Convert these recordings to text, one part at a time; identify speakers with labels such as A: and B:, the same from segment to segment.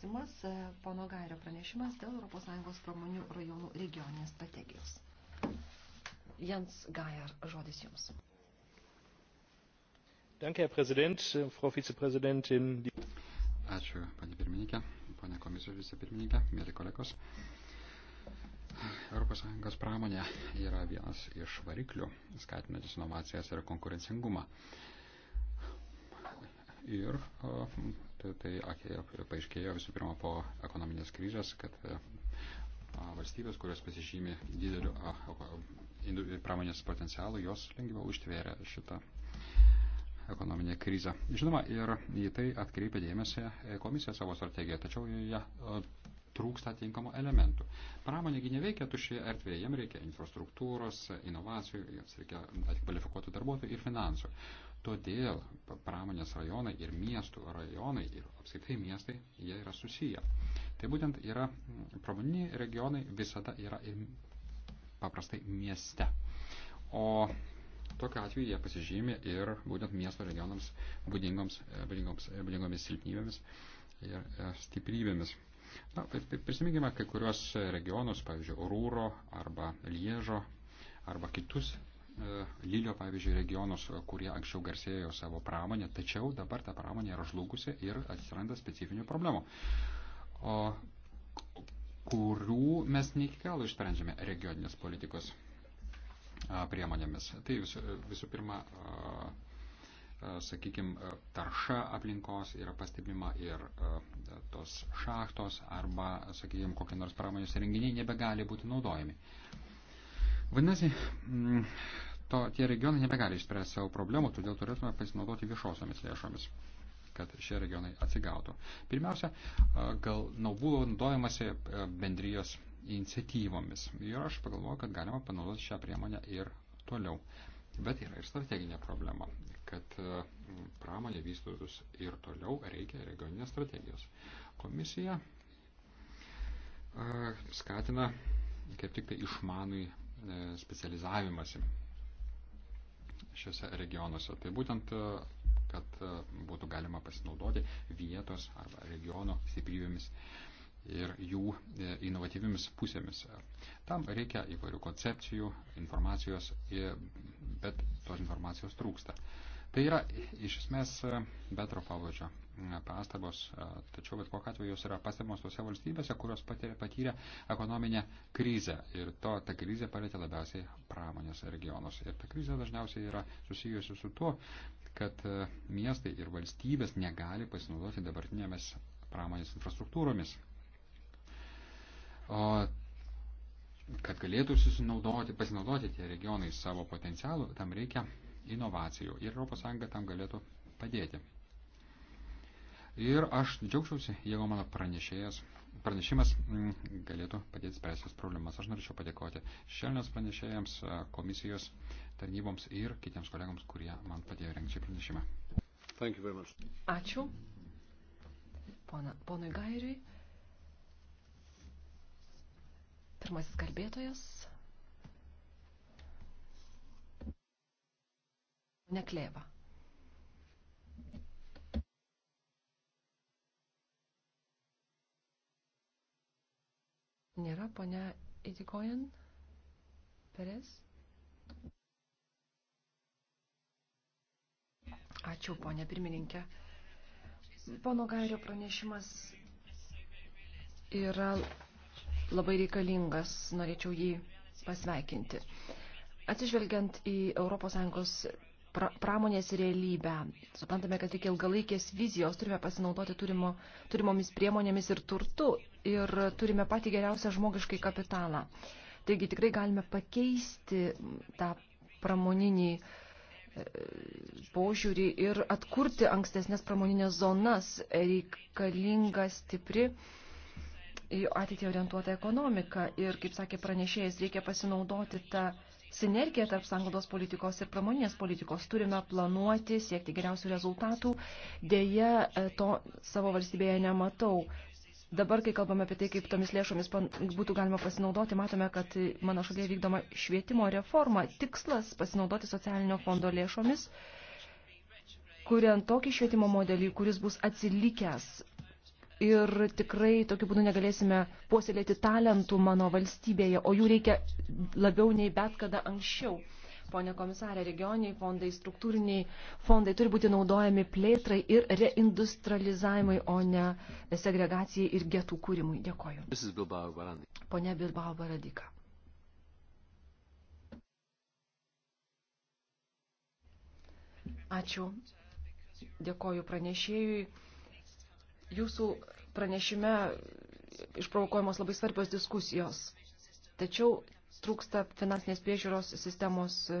A: klausimas, e, pono Gairio pranešimas dėl ES pramonių rajonų regioninės strategijos. Jens Gajar, žodis jums.
B: Danke, Herr Präsident, äh, Frau Vizepräsidentin. Ačiū, panė pirmininkė, panė komisijos vicepirmininkė, mėly kolegos. ES pramonė yra vienas iš variklių, skatinantis inovacijas ir konkurencingumą. Ir o, tai paaiškėjo visų pirma po ekonominės krizės, kad e, valstybės, kurios pasižymė dideliu pramonės potencialu, jos lengviau užtvėrė šitą ekonominę krizę. Žinoma, ir į tai atkreipia dėmesį e, komisija savo strategiją, tačiau joje trūksta tinkamų elementų. Pramonėgi neveikia tušioje erdvėje, jam reikia infrastruktūros, inovacijų, jiems reikia kvalifikuotų darbuotojų ir finansų. Todėl pramonės rajonai ir miestų rajonai ir apskritai miestai, jie yra susiję. Tai būtent yra mm, pramoniniai regionai visada yra ir paprastai mieste. O tokiu atveju jie pasižymė ir būtent miesto regionams būdingoms, e, būdingoms, e, būdingomis silpnybėmis ir e, stiprybėmis. Na, tai, tai prisiminkime kai kurios regionus, pavyzdžiui, Rūro arba Liežo arba kitus E, Lilio, pavyzdžiui, regionus, e, kurie anksčiau garsėjo savo pramonę, tačiau dabar ta pramonė yra žlugusi ir atsiranda specifinių problemų, o, kurių mes ne iki galo išsprendžiame regioninės politikos e, priemonėmis. Tai visų, visų pirma, sakykime, tarša aplinkos yra pastebima ir tos šachtos arba, sakykime, kokie nors pramonės renginiai nebegali būti naudojami. Vadinasi, mm, to, tie regionai nebegali išspręsti savo problemų, todėl turėtume pasinaudoti viešosiomis lėšomis kad šie regionai atsigautų. Pirmiausia, gal buvo naudojamasi bendrijos iniciatyvomis. Ir aš pagalvoju, kad galima panaudoti šią priemonę ir toliau. Bet yra ir strateginė problema, kad pramonė vystytus ir toliau reikia regioninės strategijos. Komisija skatina kaip tik tai išmanui e, specializavimasi šiuose regionuose. Tai būtent, e, kad e, būtų galima pasinaudoti vietos arba regiono stiprybėmis ir jų e, inovatyviamis pusėmis. Tam reikia įvairių koncepcijų, informacijos, bet tos informacijos trūksta. Tai yra iš esmės bendro pavadžio e, pastabos, e, tačiau bet kokiu atveju jos yra pastebimos tose valstybėse, kurios patyrė, patyrė ekonominę krizę ir to ta krizė palėtė labiausiai pramonės regionus. Ir ta krizė dažniausiai yra susijusi su tuo, kad e, miestai ir valstybės negali pasinaudoti dabartinėmis pramonės infrastruktūromis. O kad galėtų susinaudoti, pasinaudoti tie regionai savo potencialų, tam reikia inovacijų ir ES tam galėtų padėti. Ir aš džiaugčiausi, jeigu mano pranešėjas, pranešimas mm, galėtų padėti spręsti problemas. Aš norėčiau padėkoti šiandienos pranešėjams, komisijos tarnyboms ir kitiems kolegams, kurie man padėjo rengti šį pranešimą.
A: Ačiū. Pona, ponui Gairiui. Pirmasis kalbėtojas Neklėva. Nėra ponia Idikojan Perez. Ačiū, ponia pirmininkė. Pono Gairio pranešimas yra labai reikalingas, norėčiau jį pasveikinti. Atsižvelgiant į ES pra, pramonės realybę. Suprantame, kad reikia ilgalaikės vizijos, turime pasinaudoti turimo, turimomis priemonėmis ir turtu ir turime patį geriausią žmogiškai kapitalą. Taigi tikrai galime pakeisti tą pramoninį e, požiūrį ir atkurti ankstesnės pramoninės zonas reikalinga stipri į ateitį orientuotą ekonomiką. Ir, kaip sakė pranešėjas, reikia pasinaudoti tą ta sinergiją tarp sanglaudos politikos ir pramoninės politikos. Turime planuoti, siekti geriausių rezultatų. Deja, e, to savo valstybėje nematau. Dabar, kai kalbame apie tai, kaip tomis lėšomis būtų galima pasinaudoti, matome, kad mano šalyje vykdoma švietimo reforma. Tikslas pasinaudoti socialinio fondo lėšomis, kuriant tokį švietimo modelį, kuris bus atsilikęs ir tikrai tokiu būdu negalėsime puoselėti talentų mano valstybėje, o jų reikia labiau nei bet kada anksčiau. Pone komisarė, regioniai fondai, struktūriniai fondai turi būti naudojami plėtrai ir reindustrializavimui, o ne segregacijai ir getų kūrimui. Dėkoju. Pone Bilbao Baradika. Ačiū. Dėkoju pranešėjui Jūsų pranešime išprovokuojamos labai svarbios diskusijos, tačiau trūksta finansinės priežiūros sistemos e,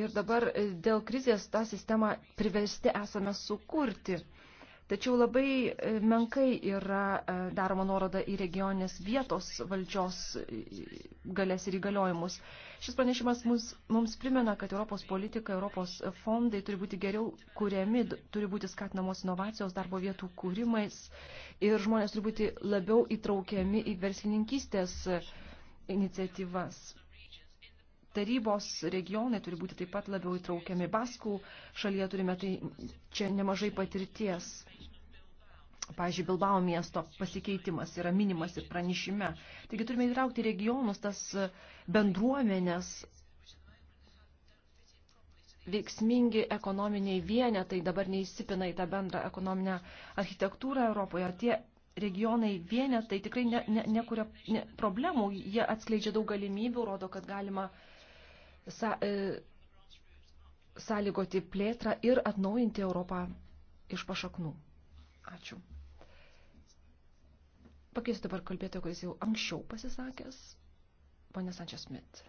A: ir dabar e, dėl krizės tą sistemą priversti esame sukurti. Tačiau labai e, menkai yra e, daroma nuoroda į regionės vietos valdžios e, galės ir įgaliojimus. Šis pranešimas mums, mums primena, kad Europos politika, Europos fondai turi būti geriau kuriami, turi būti skatinamos inovacijos, darbo vietų kūrimais ir žmonės turi būti labiau įtraukiami į verslininkystės iniciatyvas tarybos regionai turi būti taip pat labiau įtraukiami. Baskų šalyje turime tai čia nemažai patirties. Pavyzdžiui, Bilbao miesto pasikeitimas yra minimas ir pranešime. Taigi turime įtraukti regionus, tas bendruomenės, veiksmingi ekonominiai vienetai dabar neįsipina į tą bendrą ekonominę architektūrą Europoje. Tie regionai vienetai tikrai ne, ne, nekuria ne, problemų, jie atskleidžia daug galimybių, rodo, kad galima sa, e, sąlygoti plėtrą ir atnaujinti Europą iš pašaknų. Ačiū. Pakeisiu dabar kalbėtojo, kuris jau anksčiau pasisakęs, ponė Sančias Smith.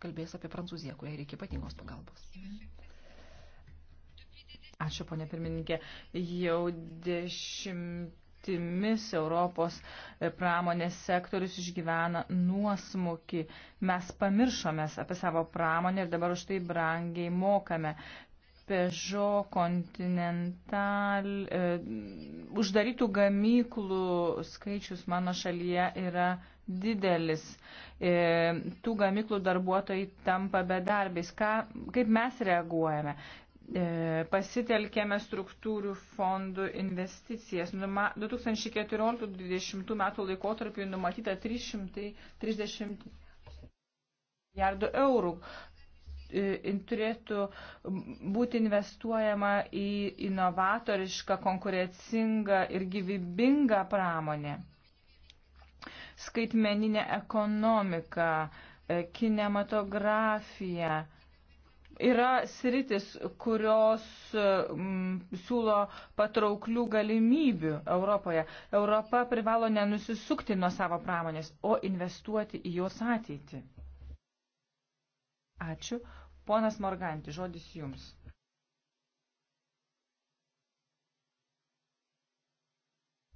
A: Kalbės apie Prancūziją, kuriai reikia ypatingos pagalbos. Ačiū, ponė pirmininkė. Jau
C: dešimtimis Europos pramonės sektorius išgyvena nuosmukį. Mes pamiršome apie savo pramonę ir dabar už tai brangiai mokame. Peugeot, Continental, e, uždarytų gamyklų skaičius mano šalyje yra didelis. E, tų gamyklų darbuotojai tampa bedarbiais. Ką, kaip mes reaguojame? E, pasitelkėme struktūrių fondų investicijas. 2014-2020 metų laikotarpiu numatyta 330 milijardų eurų. E, turėtų būti investuojama į inovatorišką, konkurencingą ir gyvybingą pramonę. Skaitmeninė ekonomika, e, kinematografija yra sritis, kurios e, m, siūlo patrauklių galimybių Europoje. Europa privalo nenusisukti nuo savo pramonės, o investuoti į jos ateitį. Ačiū. Ponas Morganti, žodis jums.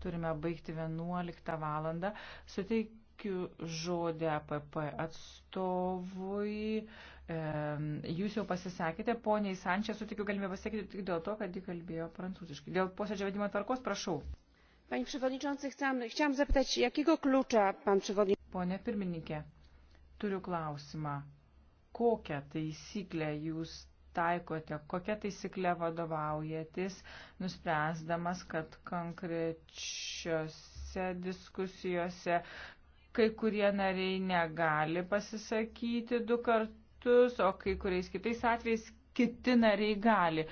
C: Turime baigti 11 valandą. Suteikiu žodį APP atstovui. Jūs jau pasisakėte, poniai Sančia, sutikiu galimybę pasakyti tik dėl to, kad ji kalbėjo prancūziškai. Dėl posėdžio vedimo tvarkos, prašau.
A: Panie przewodniczący, chciałam zapytać, jakiego klucza pan przewodniczący?
C: Pone pirmininkė, turiu klausimą kokią taisyklę jūs taikote, kokią taisyklę vadovaujatės, nuspręsdamas, kad konkrečiose diskusijose kai kurie nariai negali pasisakyti du kartus, o kai kuriais kitais atvejais kiti nariai gali.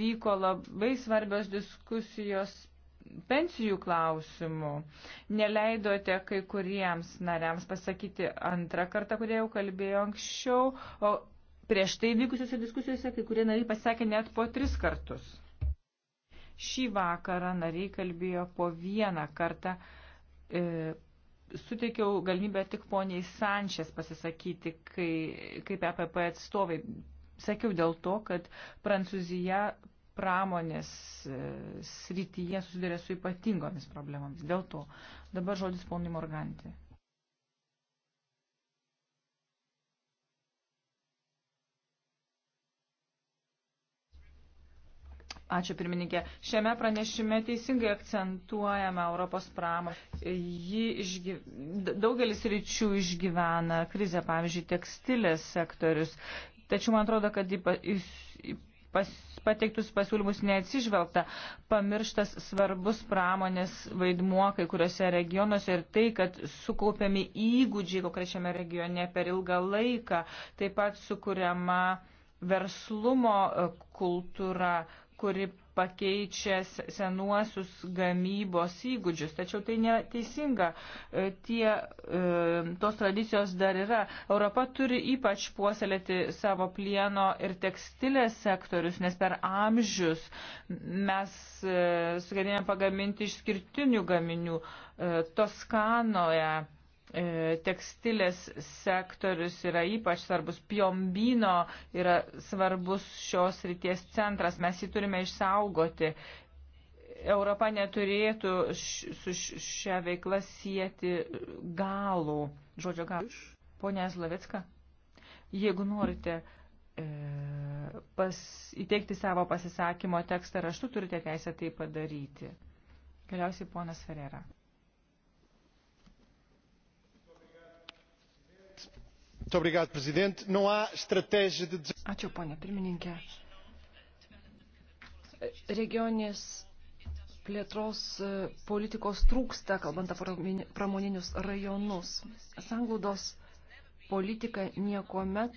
C: Vyko labai svarbios diskusijos pensijų klausimų. Neleidote kai kuriems nariams pasakyti antrą kartą, kurie jau kalbėjo anksčiau, o prieš tai vykusiuose diskusijose kai kurie nariai pasakė net po tris kartus. Šį vakarą nariai kalbėjo po vieną kartą. E, suteikiau galimybę tik poniai Sančias pasisakyti, kai, kaip EPP atstovai. Sakiau dėl to, kad Prancūzija pramonės e, srityje susiduria su ypatingomis problemomis. Dėl to dabar žodis ponui Morganti. Ačiū pirmininkė. Šiame pranešime teisingai akcentuojama Europos pramonė. Ji išgyv... daugelis ryčių išgyvena krizę, pavyzdžiui, tekstilės sektorius. Tačiau man atrodo, kad ypa pas, pateiktus pasiūlymus neatsižvelgta, pamirštas svarbus pramonės vaidmuo kai kuriuose regionuose ir tai, kad sukaupiami įgūdžiai konkrečiame regione per ilgą laiką, taip pat sukuriama verslumo kultūra, kuri pakeičia senuosius gamybos įgūdžius. Tačiau tai neteisinga. E, tie, e, tos tradicijos dar yra. Europa turi ypač puoselėti savo plieno ir tekstilės sektorius, nes per amžius mes e, sugebėjome pagaminti išskirtinių gaminių Toskanoje E, tekstilės sektorius yra ypač svarbus, Pjombino yra svarbus šios ryties centras, mes jį turime išsaugoti. Europa neturėtų su šia veikla sieti galų. Žodžio galų. Pone Zlovecka, jeigu norite e, pas, įteikti savo pasisakymo tekstą raštu, turite teisę tai padaryti. Galiausiai ponas Ferrera.
A: Obrigado, Presidente. Não há estratégia de. Ačiū, ponė pirmininkė. Regioninės plėtros e, politikos trūksta, kalbant apie pramoninius rajonus. Sanglaudos politika niekuomet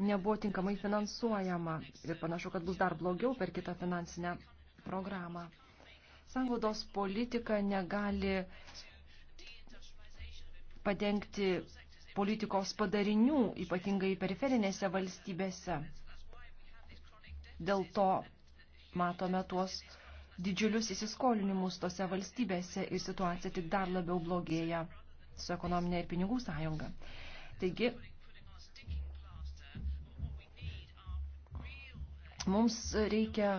A: nebuvo tinkamai finansuojama ir panašu, kad bus dar blogiau per kitą finansinę programą. Sanglaudos politika negali padengti politikos padarinių, ypatingai periferinėse valstybėse. Dėl to matome tuos didžiulius įsiskolinimus tose valstybėse ir situacija tik dar labiau blogėja su ekonominė ir pinigų sąjunga. Taigi, mums reikia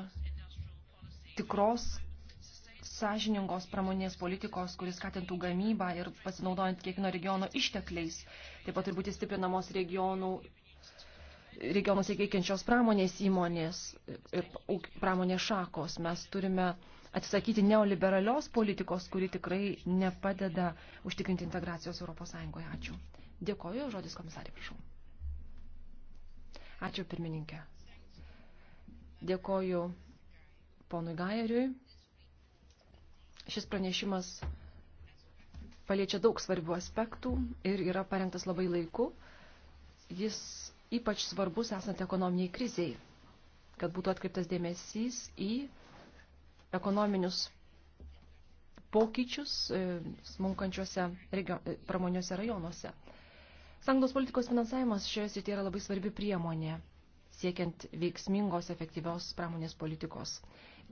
A: tikros sąžiningos pramonės politikos, kuris skatintų gamybą ir pasinaudojant kiekvieno regiono ištekliais. Taip pat turi būti stiprinamos regionų, regionuose veikiančios pramonės įmonės ir pramonės šakos. Mes turime atsisakyti neoliberalios politikos, kuri tikrai nepadeda užtikrinti integracijos Europos Sąjungoje. Ačiū. Dėkoju, žodis komisarė, prašau. Ačiū pirmininkė. Dėkoju ponui Gajeriui. Šis pranešimas paliečia daug svarbių aspektų ir yra parengtas labai laiku. Jis ypač svarbus esant ekonominiai kriziai, kad būtų atkreiptas dėmesys į ekonominius pokyčius e, smunkančiuose regio, e, pramoniuose rajonuose. Sanglos politikos finansavimas šioje srityje yra labai svarbi priemonė siekiant veiksmingos efektyvios pramonės politikos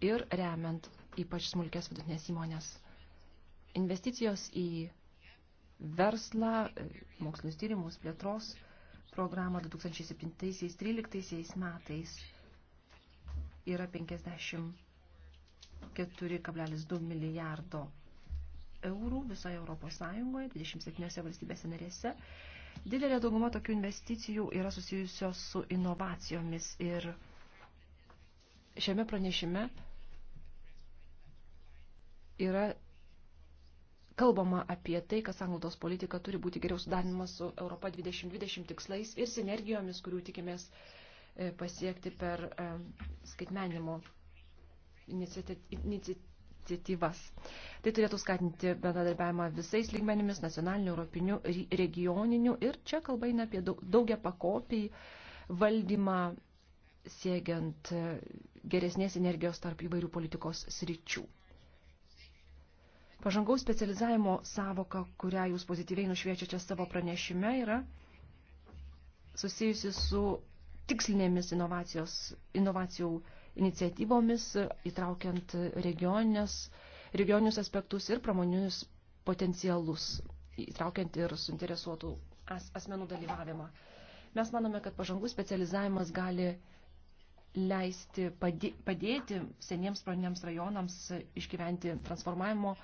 A: ir remiant ypač smulkės vidutinės įmonės. Investicijos į verslą, mokslinius tyrimus, plėtros programą 2017-2013 metais yra 54,2 milijardo eurų visoje Europos Sąjungoje, 27 valstybėse narėse Didelė dauguma tokių investicijų yra susijusios su inovacijomis ir šiame pranešime yra kalbama apie tai, kad sanglaudos politika turi būti geriau sudarinama su Europa 2020 tikslais ir sinergijomis, kurių tikimės e, pasiekti per e, skaitmenimo iniciatyvą iniciatyvas. Tai turėtų skatinti bendradarbiavimą visais lygmenimis - nacionaliniu, europiniu, regioniniu. Ir čia kalba eina apie daugia pakopį valdymą siekiant e, geresnės energijos tarp įvairių politikos sričių. Pažangaus specializavimo savoka, kurią jūs pozityviai nušviečiate savo pranešime, yra susijusi su tikslinėmis inovacijų iniciatyvomis, įtraukiant regioninius aspektus ir pramoninius potencialus, įtraukiant ir suinteresuotų as, asmenų dalyvavimą. Mes manome, kad pažangų specializavimas gali leisti padė, padėti seniems praniniams rajonams išgyventi transformavimo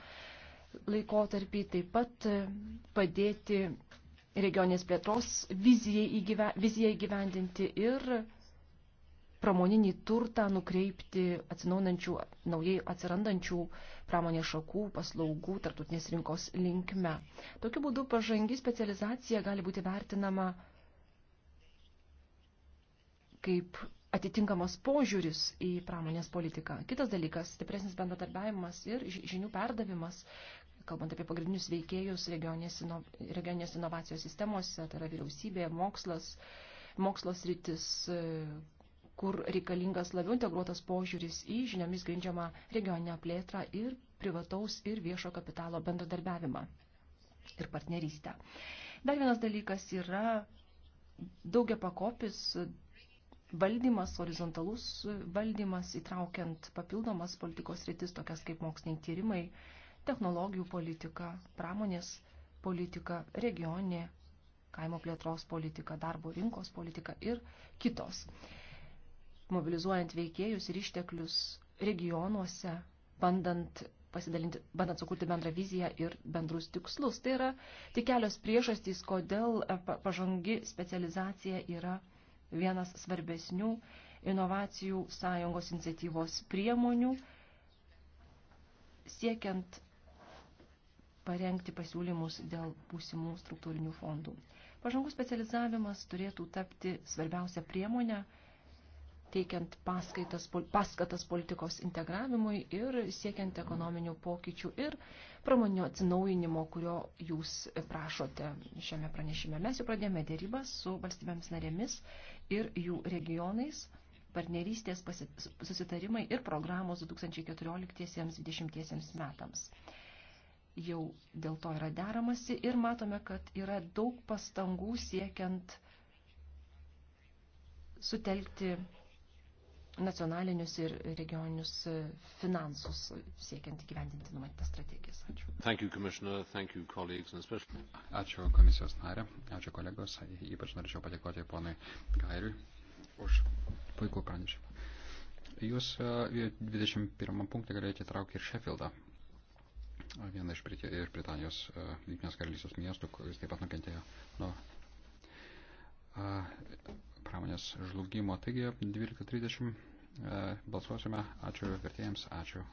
A: laikotarpį, taip pat padėti regionės plėtros vizijai įgyvendinti ir pramoninį turtą nukreipti atsinaunančių, naujai atsirandančių pramonės šakų, paslaugų, tartutinės rinkos linkme. Tokiu būdu pažangi specializacija gali būti vertinama kaip atitinkamas požiūris į pramonės politiką. Kitas dalykas - stipresnis bendradarbiavimas ir žinių perdavimas, kalbant apie pagrindinius veikėjus regioninės, ino, regioninės inovacijos sistemose, tai yra vyriausybė, mokslas, mokslos rytis, kur reikalingas labiau integruotas požiūris į žiniomis grindžiamą regioninę plėtrą ir privataus ir viešo kapitalo bendradarbiavimą ir partnerystę. Dar vienas dalykas yra daugia pakopis valdymas, horizontalus valdymas, įtraukiant papildomas politikos rytis, tokias kaip moksliniai tyrimai, technologijų politika, pramonės politika, regioninė kaimo plėtros politika, darbo rinkos politika ir kitos mobilizuojant veikėjus ir išteklius regionuose, bandant pasidalinti, bandant sukurti bendrą viziją ir bendrus tikslus. Tai yra tik kelios priežastys, kodėl e, pažangi specializacija yra vienas svarbesnių inovacijų sąjungos iniciatyvos priemonių, siekiant parengti pasiūlymus dėl būsimų struktūrinių fondų. Pažangų specializavimas turėtų tapti svarbiausią priemonę, teikiant paskaitas, paskatas politikos integravimui ir siekiant ekonominių pokyčių ir pramoninio atsinaujinimo, kurio jūs prašote šiame pranešime. Mes jau pradėjome dėrybas su valstybėms narėmis ir jų regionais partnerystės susitarimai ir programos 2014-2020 metams. Jau dėl to yra deramasi ir matome, kad yra daug pastangų siekiant sutelkti nacionalinius ir regioninius finansus siekiant įgyvendinti numatytas strategijas. Ačiū.
B: Thank you, Thank you, especially... Ačiū komisijos narė, ačiū kolegos, ypač norėčiau padėkoti ponui Gairiui už puikų pranešimą. Jūs 21 e, punktą galėjote traukti ir Sheffieldą, vieną iš Brit ir Britanijos e, Junktinės karalystės miestų, kuris taip pat nukentėjo nuo e, pramonės žlugimo. Taigi 12.30 e, balsuosime. Ačiū vertėjams, ačiū